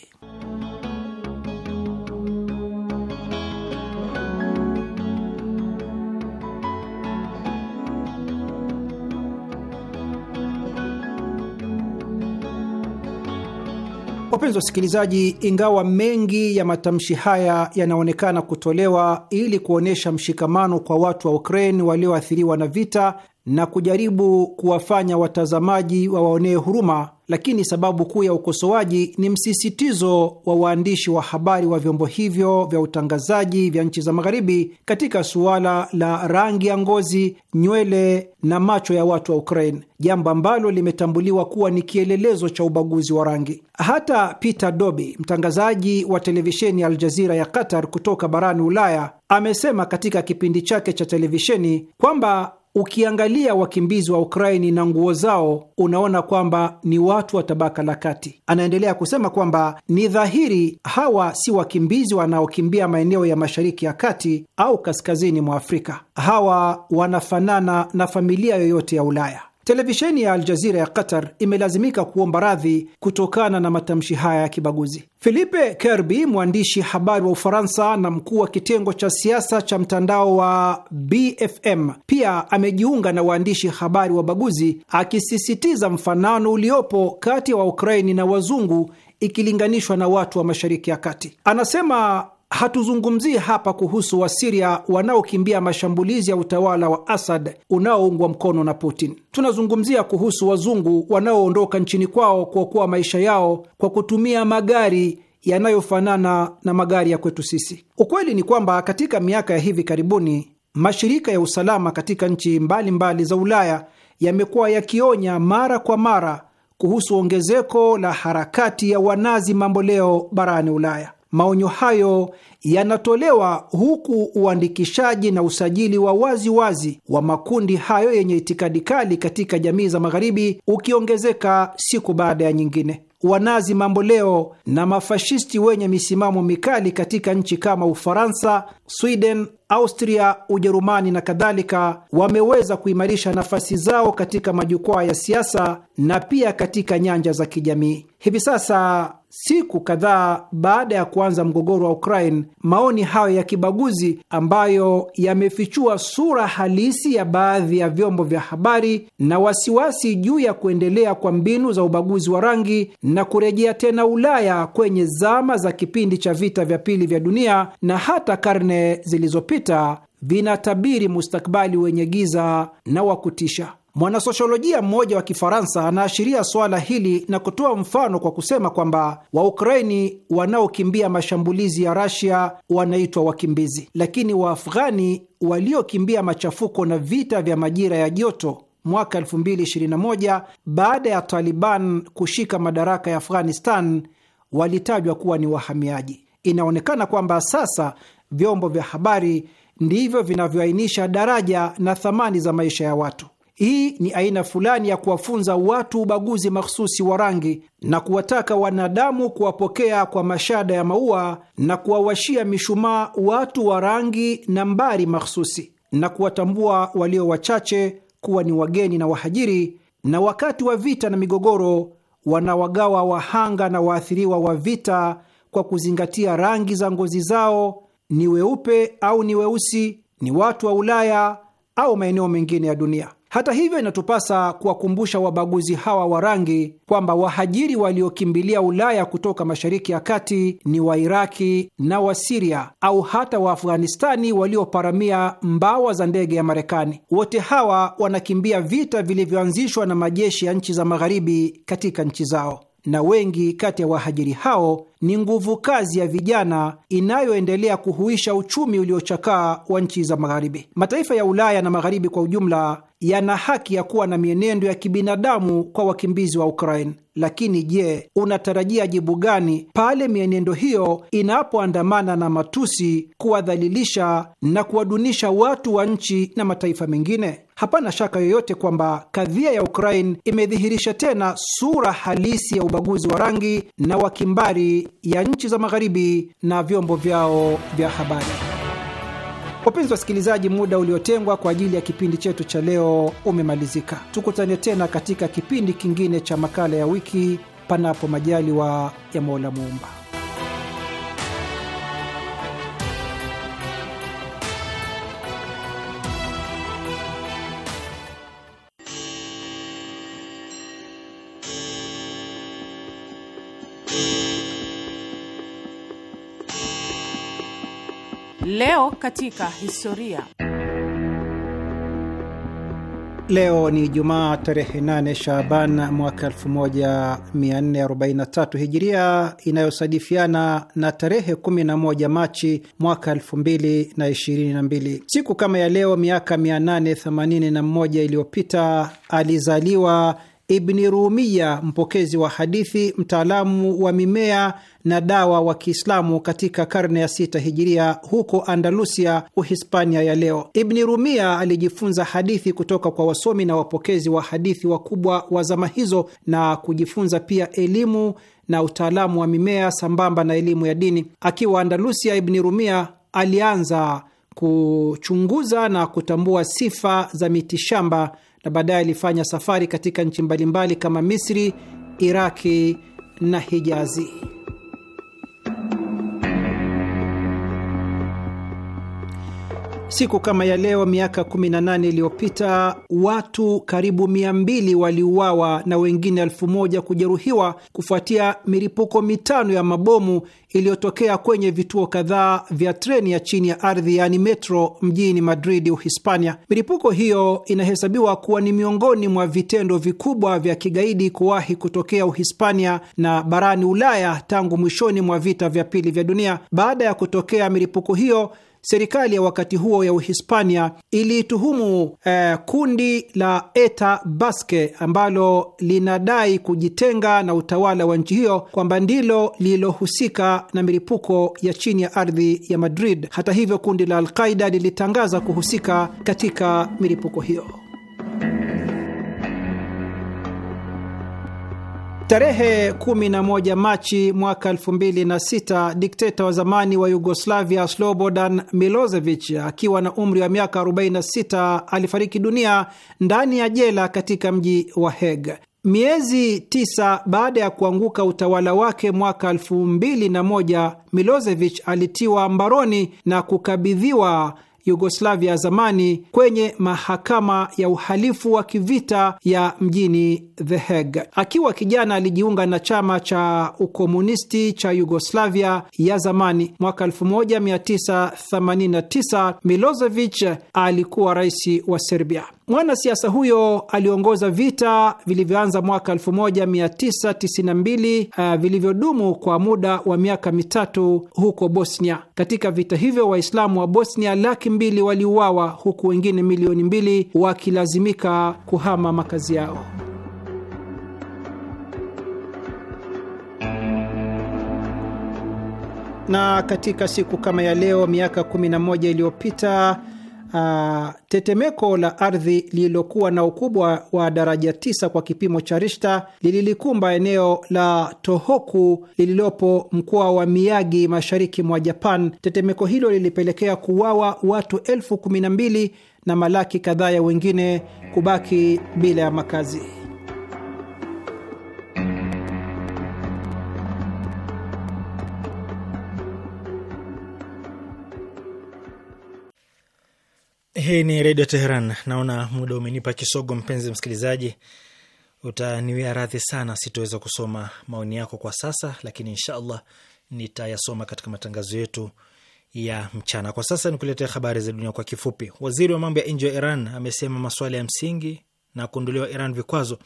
Wapenzi wasikilizaji, ingawa mengi ya matamshi haya yanaonekana kutolewa ili kuonyesha mshikamano kwa watu wa Ukraine walioathiriwa na vita na kujaribu kuwafanya watazamaji wawaonee huruma, lakini sababu kuu ya ukosoaji ni msisitizo wa waandishi wa habari wa vyombo hivyo vya utangazaji vya nchi za Magharibi katika suala la rangi ya ngozi, nywele na macho ya watu wa Ukraine, jambo ambalo limetambuliwa kuwa ni kielelezo cha ubaguzi wa rangi. Hata Peter Dobi, mtangazaji wa televisheni ya Aljazira ya Qatar kutoka barani Ulaya, amesema katika kipindi chake cha televisheni kwamba Ukiangalia wakimbizi wa Ukraini na nguo zao unaona kwamba ni watu wa tabaka la kati. Anaendelea kusema kwamba ni dhahiri hawa si wakimbizi wanaokimbia maeneo ya Mashariki ya Kati au kaskazini mwa Afrika. Hawa wanafanana na familia yoyote ya Ulaya. Televisheni ya Aljazira ya Qatar imelazimika kuomba radhi kutokana na matamshi haya ya kibaguzi. Philippe Kerby, mwandishi habari wa Ufaransa na mkuu wa kitengo cha siasa cha mtandao wa BFM, pia amejiunga na waandishi habari wa baguzi akisisitiza mfanano uliopo kati ya wa Waukraini na wazungu ikilinganishwa na watu wa Mashariki ya Kati. Anasema Hatuzungumzii hapa kuhusu Wasiria wanaokimbia mashambulizi ya utawala wa Asad unaoungwa mkono na Putin. Tunazungumzia kuhusu wazungu wanaoondoka nchini kwao kuokoa maisha yao kwa kutumia magari yanayofanana na magari ya kwetu sisi. Ukweli ni kwamba katika miaka ya hivi karibuni mashirika ya usalama katika nchi mbalimbali mbali za Ulaya yamekuwa yakionya mara kwa mara kuhusu ongezeko la harakati ya wanazi mamboleo barani Ulaya. Maonyo hayo yanatolewa huku uandikishaji na usajili wa wazi wazi wa makundi hayo yenye itikadi kali katika jamii za magharibi ukiongezeka siku baada ya nyingine. Wanazi mambo leo na mafashisti wenye misimamo mikali katika nchi kama Ufaransa, Sweden, Austria, Ujerumani na kadhalika wameweza kuimarisha nafasi zao katika majukwaa ya siasa na pia katika nyanja za kijamii. Hivi sasa Siku kadhaa baada ya kuanza mgogoro wa Ukraine, maoni hayo ya kibaguzi ambayo yamefichua sura halisi ya baadhi ya vyombo vya habari na wasiwasi juu ya kuendelea kwa mbinu za ubaguzi wa rangi na kurejea tena Ulaya kwenye zama za kipindi cha vita vya pili vya dunia na hata karne zilizopita vinatabiri mustakabali wenye giza na wa kutisha. Mwanasosiolojia mmoja wa Kifaransa anaashiria swala hili na kutoa mfano kwa kusema kwamba Waukraini wanaokimbia mashambulizi ya Rasia wanaitwa wakimbizi, lakini Waafghani waliokimbia machafuko na vita vya majira ya joto mwaka 2021 baada ya Taliban kushika madaraka ya Afghanistan walitajwa kuwa ni wahamiaji. Inaonekana kwamba sasa vyombo vya habari ndivyo vinavyoainisha daraja na thamani za maisha ya watu. Hii ni aina fulani ya kuwafunza watu ubaguzi mahsusi wa rangi na kuwataka wanadamu kuwapokea kwa mashada ya maua na kuwawashia mishumaa watu wa rangi na mbari mahsusi na kuwatambua walio wachache kuwa ni wageni na wahajiri, na wakati wa vita na migogoro wanawagawa wahanga na waathiriwa wa vita kwa kuzingatia rangi za ngozi zao, ni weupe au ni weusi, ni watu wa Ulaya au maeneo mengine ya dunia. Hata hivyo, inatupasa kuwakumbusha wabaguzi hawa wa rangi kwamba wahajiri waliokimbilia Ulaya kutoka Mashariki ya Kati ni Wairaki na Wasiria au hata Waafghanistani walioparamia mbawa za ndege ya Marekani. Wote hawa wanakimbia vita vilivyoanzishwa na majeshi ya nchi za Magharibi katika nchi zao na wengi kati ya wahajiri hao ni nguvu kazi ya vijana inayoendelea kuhuisha uchumi uliochakaa wa nchi za Magharibi. Mataifa ya Ulaya na Magharibi kwa ujumla yana haki ya kuwa na mienendo ya kibinadamu kwa wakimbizi wa Ukraine. Lakini je, unatarajia jibu gani pale mienendo hiyo inapoandamana na matusi, kuwadhalilisha na kuwadunisha watu wa nchi na mataifa mengine? Hapana shaka yoyote kwamba kadhia ya Ukraine imedhihirisha tena sura halisi ya ubaguzi wa rangi na wakimbari ya nchi za Magharibi na vyombo vyao vya habari. Wapenzi wasikilizaji, muda uliotengwa kwa ajili ya kipindi chetu cha leo umemalizika. Tukutane tena katika kipindi kingine cha makala ya wiki, panapo majaliwa ya Mola Muumba. Leo katika historia. Leo ni Jumaa tarehe 8 Shaaban mwaka 1443 Hijiria, inayosadifiana na tarehe 11 Machi mwaka 2022. Siku kama ya leo miaka 881 iliyopita alizaliwa Ibni Rumiya, mpokezi wa hadithi, mtaalamu wa mimea na dawa wa Kiislamu katika karne ya sita hijiria huko Andalusia, Uhispania ya leo. Ibni Rumia alijifunza hadithi kutoka kwa wasomi na wapokezi wa hadithi wakubwa wa zama hizo na kujifunza pia elimu na utaalamu wa mimea sambamba na elimu ya dini. Akiwa Andalusia, Ibni Rumia alianza kuchunguza na kutambua sifa za mitishamba na baadaye alifanya safari katika nchi mbalimbali kama Misri, Iraki na Hijazi. Siku kama ya leo miaka 18 iliyopita watu karibu 200 waliuawa na wengine elfu moja kujeruhiwa kufuatia milipuko mitano ya mabomu iliyotokea kwenye vituo kadhaa vya treni ya chini ya ardhi yaani metro mjini Madrid, Uhispania. Milipuko hiyo inahesabiwa kuwa ni miongoni mwa vitendo vikubwa vya kigaidi kuwahi kutokea Uhispania na barani Ulaya tangu mwishoni mwa vita vya pili vya dunia. Baada ya kutokea milipuko hiyo Serikali ya wakati huo ya Uhispania ilituhumu eh, kundi la ETA Baske ambalo linadai kujitenga na utawala wa nchi hiyo kwamba ndilo lililohusika na milipuko ya chini ya ardhi ya Madrid. Hata hivyo, kundi la Alqaida lilitangaza kuhusika katika milipuko hiyo. Tarehe 11 Machi mwaka 2006 dikteta wa zamani wa Yugoslavia Slobodan Milosevic akiwa na umri wa miaka 46 alifariki dunia ndani ya jela katika mji wa Hague. Miezi tisa baada ya kuanguka utawala wake mwaka elfu mbili na moja, Milosevic alitiwa mbaroni na kukabidhiwa Yugoslavia ya zamani kwenye mahakama ya uhalifu wa kivita ya mjini The Hague. Akiwa kijana alijiunga na chama cha ukomunisti cha Yugoslavia ya zamani. Mwaka 1989 Milosevic alikuwa rais wa Serbia. Mwanasiasa huyo aliongoza vita vilivyoanza mwaka 1992 uh, vilivyodumu kwa muda wa miaka mitatu huko Bosnia. Katika vita hivyo Waislamu wa Bosnia laki mbili waliuawa huku wengine milioni mbili wakilazimika kuhama makazi yao. Na katika siku kama ya leo miaka 11 iliyopita uh, tetemeko la ardhi lililokuwa na ukubwa wa daraja tisa kwa kipimo cha Rishta lililikumba eneo la Tohoku lililopo mkoa wa Miyagi mashariki mwa Japan. Tetemeko hilo lilipelekea kuwawa watu elfu kumi na mbili na malaki kadhaa ya wengine kubaki bila ya makazi. Hii ni Redio Teheran. Naona muda umenipa kisogo, mpenzi msikilizaji, utaniwia radhi sana, sitoweza kusoma maoni yako kwa sasa, lakini insha allah nitayasoma katika matangazo yetu ya mchana. Kwa sasa ni kuletea habari za dunia kwa kifupi. Waziri wa mambo ya nje wa Iran amesema masuala ya msingi na kuondolewa Iran vikwazo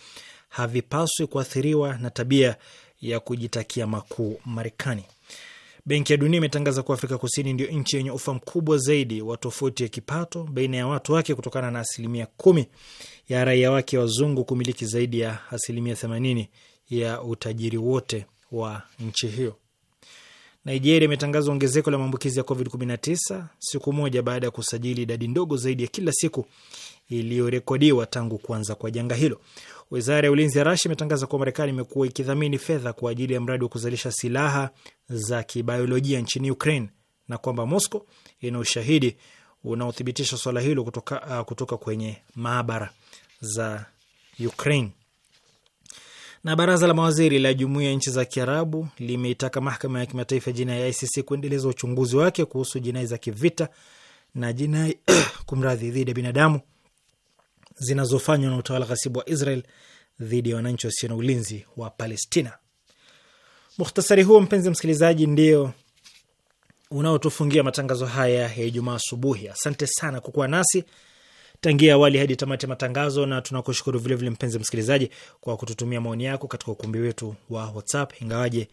havipaswi kuathiriwa na tabia ya kujitakia makuu Marekani. Benki ya Dunia imetangaza kuwa Afrika Kusini ndio nchi yenye ufa mkubwa zaidi wa tofauti ya kipato baina ya watu wake kutokana na asilimia kumi ya raia wake wazungu kumiliki zaidi ya asilimia themanini ya utajiri wote wa nchi hiyo. Nigeria imetangaza ongezeko la maambukizi ya COVID-19 siku moja baada ya kusajili idadi ndogo zaidi ya kila siku iliyorekodiwa tangu kuanza kwa janga hilo. Wizara ya ulinzi ya Rasia imetangaza kuwa Marekani imekuwa ikidhamini fedha kwa ajili ya mradi wa kuzalisha silaha za kibiolojia nchini Ukraine na kwamba mosco ina ushahidi unaothibitisha swala hilo kutoka, uh, kutoka kwenye maabara za Ukraine. Na baraza la mawaziri la jumuiya ya nchi za Kiarabu limeitaka mahakama ya kimataifa ya jinai ya ICC kuendeleza uchunguzi wake kuhusu jinai za kivita na jinai kumradhi dhidi ya binadamu zinazofanywa na utawala ghasibu wa Israel dhidi ya wananchi wasio na ulinzi wa Palestina. Mukhtasari huo mpenzi msikilizaji, ndio unaotufungia matangazo haya ya Ijumaa asubuhi. Asante sana kwa kuwa nasi tangia awali hadi tamati ya matangazo, na tunakushukuru vilevile mpenzi msikilizaji kwa kututumia maoni yako katika ukumbi wetu wa WhatsApp. Ingawaje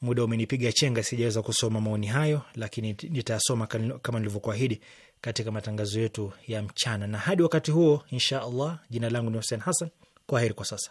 muda umenipiga chenga, sijaweza kusoma maoni hayo, lakini nitayasoma kama nilivyokuahidi katika matangazo yetu ya mchana, na hadi wakati huo, insha Allah. Jina langu ni Hussein Hassan, kwa heri kwa sasa.